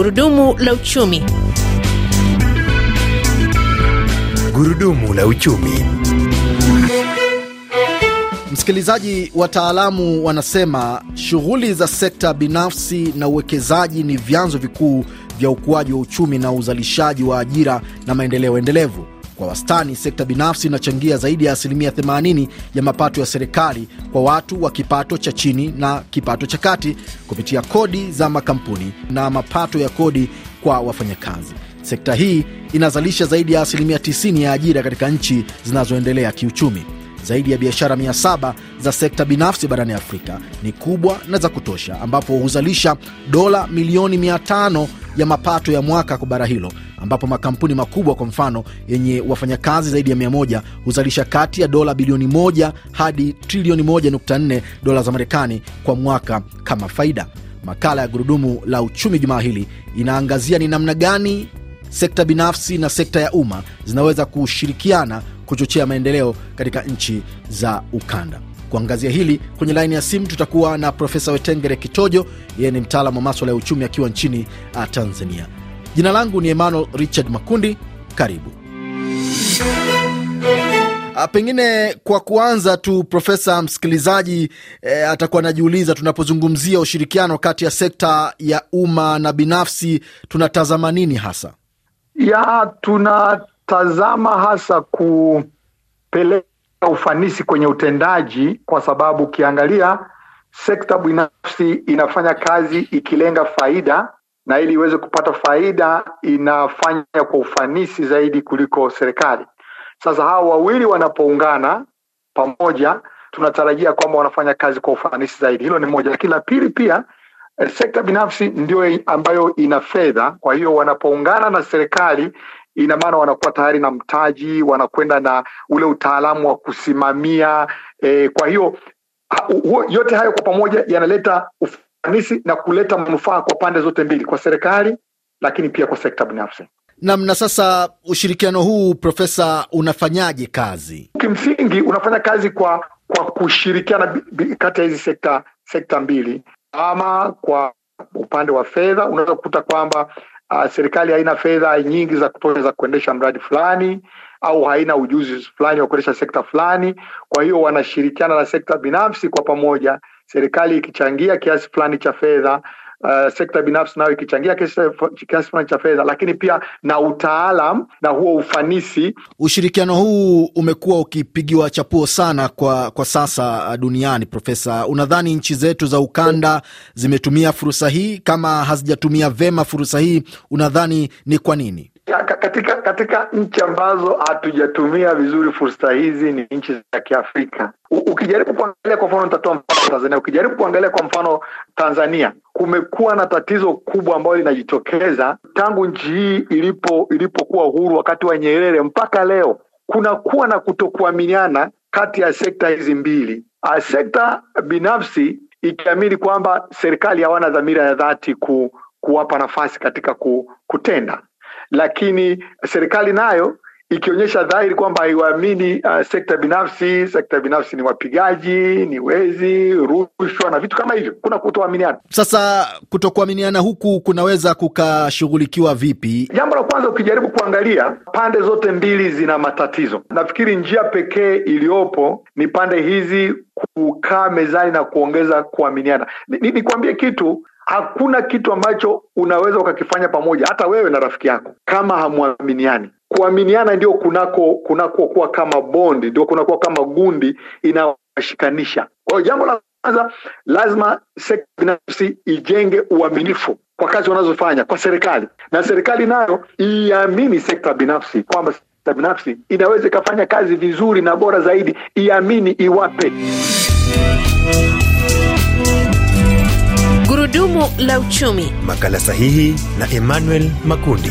Gurudumu la uchumi. Gurudumu la uchumi. Msikilizaji, wataalamu wanasema shughuli za sekta binafsi na uwekezaji ni vyanzo vikuu vya ukuaji wa uchumi na uzalishaji wa ajira na maendeleo endelevu. Kwa wastani, sekta binafsi inachangia zaidi ya asilimia 80 ya mapato ya serikali kwa watu wa kipato cha chini na kipato cha kati kupitia kodi za makampuni na mapato ya kodi kwa wafanyakazi. Sekta hii inazalisha zaidi ya asilimia 90 ya ajira katika nchi zinazoendelea kiuchumi. Zaidi ya biashara 700 za sekta binafsi barani Afrika ni kubwa na za kutosha, ambapo huzalisha dola milioni 500 ya mapato ya mwaka kwa bara hilo ambapo makampuni makubwa kwa mfano yenye wafanyakazi zaidi ya 1 huzalisha kati ya dola bilioni 1 hadi trilioni 1.4 dola za Marekani kwa mwaka kama faida. Makala ya Gurudumu la Uchumi jumaa hili inaangazia ni namna gani sekta binafsi na sekta ya umma zinaweza kushirikiana kuchochea maendeleo katika nchi za ukanda. Kuangazia hili kwenye laini ya simu tutakuwa na Profesa Wetengere Kitojo, yeye ni mtaalamu wa maswala ya uchumi akiwa nchini uh, Tanzania. Jina langu ni Emmanuel Richard Makundi, karibu. Ah, pengine kwa kuanza tu, Profesa, msikilizaji e, atakuwa anajiuliza tunapozungumzia ushirikiano kati ya sekta ya umma na binafsi tunatazama nini hasa? Ya, tunatazama hasa kupeleka ufanisi kwenye utendaji, kwa sababu ukiangalia sekta binafsi inafanya kazi ikilenga faida na ili iweze kupata faida inafanya kwa ufanisi zaidi kuliko serikali. Sasa hawa wawili wanapoungana pamoja, tunatarajia kwamba wanafanya kazi kwa ufanisi zaidi. Hilo ni moja, lakini la pili pia eh, sekta binafsi ndio ambayo ina fedha. Kwa hiyo wanapoungana na serikali, ina maana wanakuwa tayari na mtaji, wanakwenda na ule utaalamu wa kusimamia e, kwa hiyo yote hayo kwa pamoja yanaleta ufanisi na kuleta manufaa kwa pande zote mbili, kwa serikali lakini pia kwa sekta binafsi. Nam. Na sasa ushirikiano huu Profesa, unafanyaje kazi? Kimsingi unafanya kazi kwa kwa kushirikiana kati ya hizi sekta sekta mbili, ama kwa upande wa fedha unaweza kukuta kwamba uh, serikali haina fedha nyingi za kutosha za kuendesha mradi fulani au haina ujuzi fulani wa kuendesha sekta fulani. Kwa hiyo wanashirikiana na sekta binafsi kwa pamoja serikali ikichangia kiasi fulani cha fedha Uh, sekta binafsi nayo ikichangia kiasi fulani cha fedha, lakini pia na utaalam na huo ufanisi. Ushirikiano huu umekuwa ukipigiwa chapuo sana kwa, kwa sasa eh, duniani. Profesa, unadhani nchi zetu za ukanda zimetumia fursa hii? Kama hazijatumia vema fursa hii, unadhani ni kwa nini? katika katika nchi ambazo hatujatumia vizuri fursa hizi ni nchi za Kiafrika. Ukijaribu kuangalia kwa mfano, nitatoa mfano Tanzania. Ukijaribu kuangalia kwa mfano Tanzania, kumekuwa na tatizo kubwa ambayo linajitokeza tangu nchi hii ilipo ilipokuwa uhuru wakati wa Nyerere mpaka leo, kunakuwa na kutokuaminiana kati ya sekta hizi mbili, sekta binafsi ikiamini kwamba serikali hawana dhamira ya dhati ku, kuwapa nafasi katika ku, kutenda lakini serikali nayo ikionyesha dhahiri kwamba haiwaamini uh, sekta binafsi. Sekta binafsi ni wapigaji, ni wezi, rushwa na vitu kama hivyo. Kuna kutoaminiana. Sasa kutokuaminiana huku kunaweza kukashughulikiwa vipi? Jambo la kwanza, ukijaribu kuangalia pande zote mbili zina matatizo. Nafikiri njia pekee iliyopo ni pande hizi kukaa mezani na kuongeza kuaminiana. nikuambie ni, ni kitu Hakuna kitu ambacho unaweza ukakifanya pamoja, hata wewe na rafiki yako, kama hamwaminiani kuaminiana ndio kunako kunakokuwa kama bondi, ndio kunakuwa kama gundi inayowashikanisha. Kwa hiyo jambo la kwanza, lazima sekta binafsi ijenge uaminifu kwa kazi wanazofanya kwa serikali, na serikali nayo iamini sekta binafsi kwamba sekta binafsi inaweza ikafanya kazi vizuri na bora zaidi, iamini, iwape gurudumu la uchumi. Makala sahihi na Emmanuel Makundi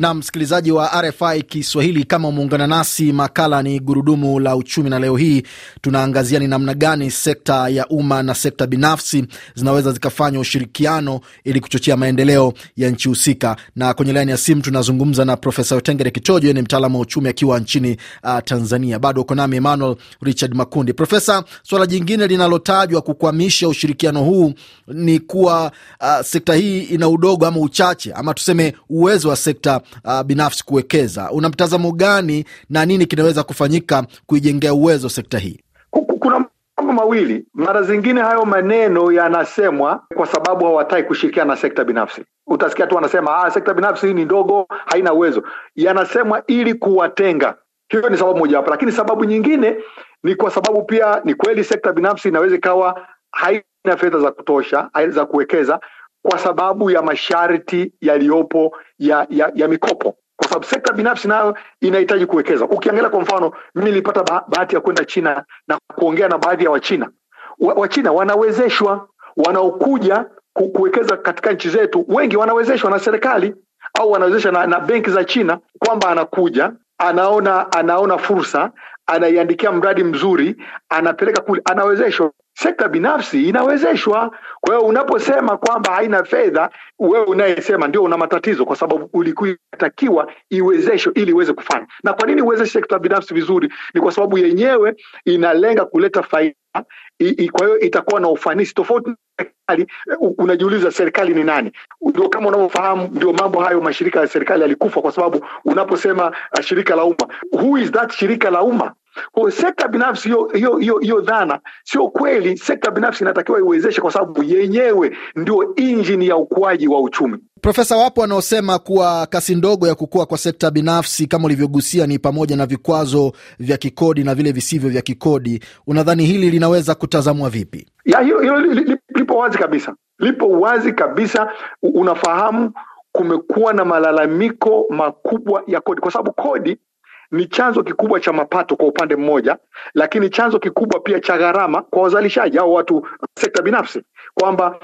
Na msikilizaji wa RFI Kiswahili, kama umeungana nasi, makala ni gurudumu la uchumi, na leo hii tunaangazia ni namna gani sekta ya umma na sekta binafsi zinaweza zikafanya ushirikiano ili kuchochea maendeleo ya nchi husika. Na kwenye laini ya simu tunazungumza na Profesa Wetengere Kitojo, ni mtaalamu wa uchumi akiwa nchini uh, Tanzania. Bado uko nami Emmanuel Richard Makundi. Profesa, swala jingine linalotajwa kukwamisha ushirikiano huu ni kuwa uh, sekta hii ina udogo ama uchache ama tuseme uwezo wa sekta uh, binafsi kuwekeza. Una mtazamo gani na nini kinaweza kufanyika kuijengea uwezo sekta hii? Kuna mambo mawili. Mara zingine hayo maneno yanasemwa kwa sababu hawataki kushirikiana na sekta binafsi. Utasikia tu wanasema ah, sekta binafsi hii ni ndogo, haina uwezo. Yanasemwa ili kuwatenga. Hiyo ni sababu mojawapo, lakini sababu nyingine ni kwa sababu pia ni kweli sekta binafsi inaweza ikawa haina fedha za kutosha za kuwekeza kwa sababu ya masharti yaliyopo ya, ya, ya mikopo kwa sababu sekta binafsi nayo inahitaji kuwekeza. Ukiangalia kwa mfano, mimi nilipata bahati ya kwenda China na kuongea na baadhi ya Wachina. Wachina wa wanawezeshwa, wanaokuja kuwekeza katika nchi zetu, wengi wanawezeshwa na serikali au wanawezeshwa na, na benki za China, kwamba anakuja anaona anaona fursa, anaiandikia mradi mzuri, anapeleka kule, anawezeshwa sekta binafsi inawezeshwa. Kwa hiyo unaposema kwamba haina fedha, wewe unayesema ndio una matatizo, kwa sababu ulikuitakiwa iwezeshwe ili iweze kufanya. Na kwa nini uwezeshe sekta binafsi vizuri? Ni kwa sababu yenyewe inalenga kuleta faida, kwa hiyo itakuwa na ufanisi tofauti serikali. Unajiuliza, serikali ni nani? Ndio kama unavyofahamu, ndio mambo hayo mashirika ya serikali yalikufa, kwa sababu unaposema uh, shirika la umma, who is that shirika la umma? Kwa sekta binafsi hiyo hiyo hiyo hiyo dhana sio kweli. Sekta binafsi inatakiwa iwezeshe, kwa sababu yenyewe ndio injini ya ukuaji wa uchumi. Profesa, wapo wanaosema kuwa kasi ndogo ya kukua kwa sekta binafsi kama ulivyogusia ni pamoja na vikwazo vya kikodi na vile visivyo vya kikodi. Unadhani hili linaweza kutazamwa vipi? Ya, li, li, lipo wazi kabisa, lipo wazi kabisa. Unafahamu kumekuwa na malalamiko makubwa ya kodi, kwa sababu kodi ni chanzo kikubwa cha mapato kwa upande mmoja, lakini chanzo kikubwa pia cha gharama kwa wazalishaji au watu sekta binafsi, kwamba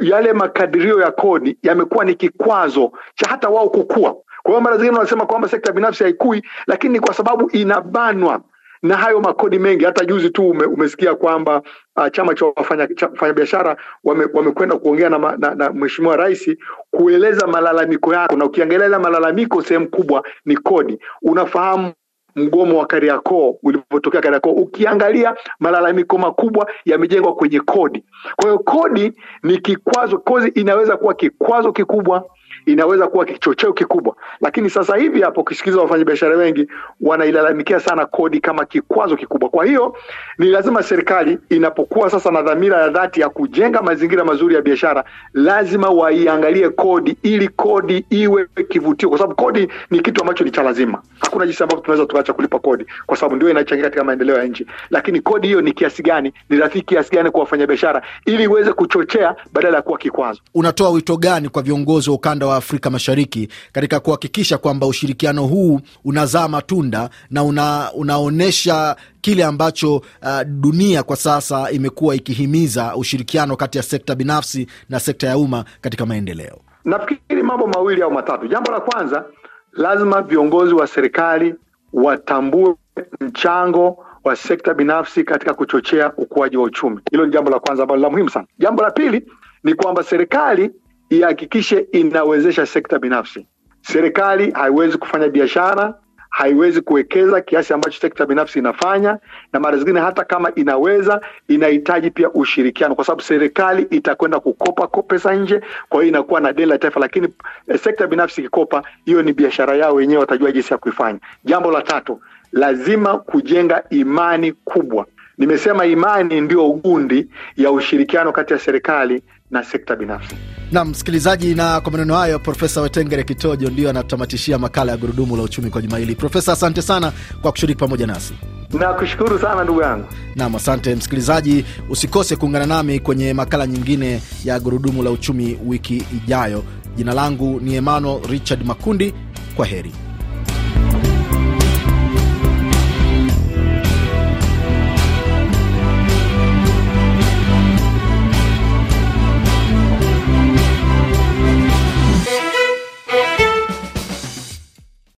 yale makadirio ya kodi yamekuwa ni kikwazo cha hata wao kukua. Kwa hiyo mara zingine wanasema kwamba sekta binafsi haikui, lakini kwa sababu inabanwa na hayo makodi mengi. Hata juzi tu ume, umesikia kwamba uh, chama cha wafanyabiashara wame, wamekwenda kuongea na, na, na Mheshimiwa Rais kueleza malalamiko yako, na ukiangalia malalamiko sehemu kubwa ni kodi. Unafahamu mgomo wa Kariakoo ulivyotokea Kariakoo, ukiangalia malalamiko makubwa yamejengwa kwenye kodi. Kwa hiyo kodi ni kikwazo, kodi inaweza kuwa kikwazo kikubwa inaweza kuwa kichocheo kikubwa, lakini sasa hivi hapo ukisikiliza wafanyabiashara wengi wanailalamikia sana kodi kama kikwazo kikubwa. Kwa hiyo ni lazima serikali inapokuwa sasa na dhamira ya dhati ya kujenga mazingira mazuri ya biashara, lazima waiangalie kodi ili kodi iwe kivutio, kwa sababu kodi ni kitu ambacho ni cha lazima. Hakuna jinsi ambavyo tunaweza tukaacha kulipa kodi, kwa sababu ndio inachangia katika maendeleo ya nchi. Lakini kodi hiyo ni kiasi gani, ni rafiki kiasi gani kwa wafanyabiashara, ili iweze kuchochea badala ya kuwa kikwazo. Unatoa wito gani kwa viongozi wa ukanda wa Afrika Mashariki katika kuhakikisha kwamba ushirikiano huu unazaa matunda na una, unaonyesha kile ambacho uh, dunia kwa sasa imekuwa ikihimiza ushirikiano kati ya sekta binafsi na sekta ya umma katika maendeleo? Nafikiri mambo mawili au matatu. Jambo la kwanza, lazima viongozi wa serikali watambue mchango wa sekta binafsi katika kuchochea ukuaji wa uchumi. Hilo ni jambo la kwanza ambalo la muhimu sana. Jambo la pili ni kwamba serikali ihakikishe inawezesha sekta binafsi. Serikali haiwezi kufanya biashara, haiwezi kuwekeza kiasi ambacho sekta binafsi inafanya, na mara zingine hata kama inaweza, inahitaji pia ushirikiano, kwa sababu serikali itakwenda kukopa pesa nje, kwa hiyo inakuwa na deni la taifa. Lakini eh, sekta binafsi ikikopa, hiyo ni biashara yao wenyewe, watajua jinsi ya kuifanya. Jambo la tatu, lazima kujenga imani kubwa. Nimesema imani ndiyo gundi ya ushirikiano kati ya serikali na sekta binafsi na msikilizaji, na kwa maneno hayo Profesa Wetengere Kitojo ndio anatamatishia makala ya Gurudumu la Uchumi kwa juma hili. Profesa, asante sana kwa kushiriki pamoja nasi. Nakushukuru sana ndugu yangu. Nam, asante msikilizaji, usikose kuungana nami kwenye makala nyingine ya Gurudumu la Uchumi wiki ijayo. Jina langu ni Emmanuel Richard Makundi. Kwa heri.